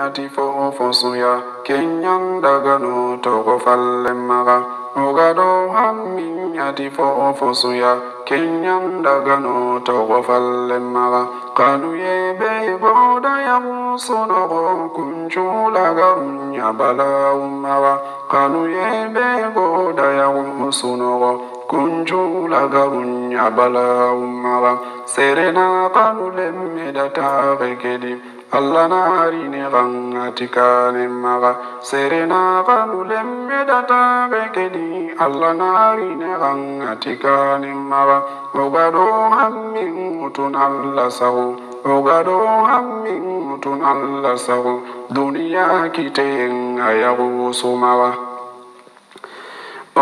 ati fofosuya kenyan daga no togo fallemaga ogado hammin ati fofosuya kenyan daga no togo fallemaga kanuye beboda yamusonogo kuncuulagamnyabalaumaga kanuye beboda yamusunogo kuncuulagamnyabalaumaga serena kanulemmedatage kedi allah naarine ɓangatikane maga serenaɓanulemmeɗataɓe keɗi allah naarine ɓangatikane maga ogaɗo hammiutun allah sahu ogaɗo hammiutun allah sahu duniya kiteen a yahusumawa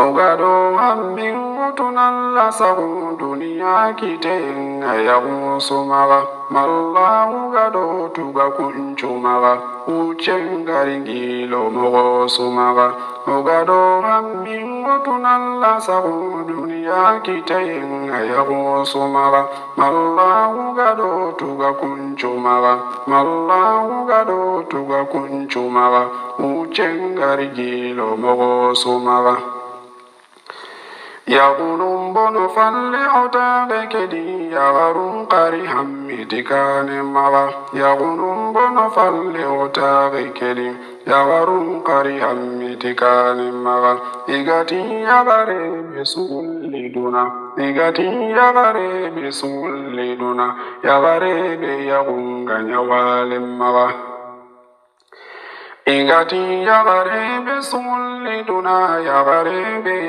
ogado hammin gutunan lasaru duniya kiten ayagun sumaga mallahu gado tuga kuncumaga ucen garingilo mogo sumaga ogado hammin gutunan lasaru duniya kiten ayagun sumaga mallahu gado tuga kuncumaga mallahu gado tuga kuncumaga ucen garingilo mogo sumaga yaqulum bono falli otaɓe keɗi yawarum qari hammidikane mawa yaqulum bono falli otaɓe keɗi yawarum qari hammidikane mawa igatin yaɓare ɓe sulliduna igatin yaɓare ɓe sulliduna yaɓare ɓe yaqunga nyawalen mawa Ingati yabarebe sulle duna ya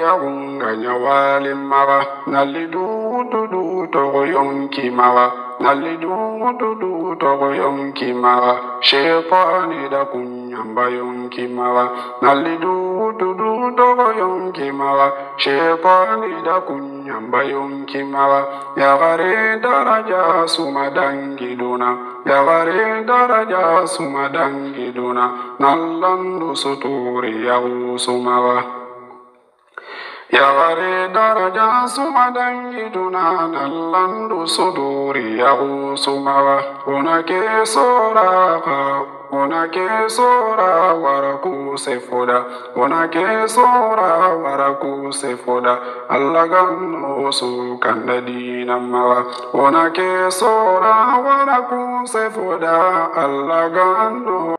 yawunga nyawalim mawa. Nalidu dudu yonki mawa. nalli ɗuuɗuɗuutogo yonki mawa sheitani ɗakun yamba yonki mawa nalli ɗuuɗuɗuutogo yonki mawa sheitani ɗakun yamba yonki mawa yagare daraja suma dangiɗuna yagare daraja suma dangiɗuna nallanɗu suturi yahu sumawa yaare daraja sumadangidunanallandu suduri yahu sumawa unake soraha unake sora warakuse fuda unake sora warakuse fuda allagannusu kanda dinamawa unake sora warakuse fuda allagannu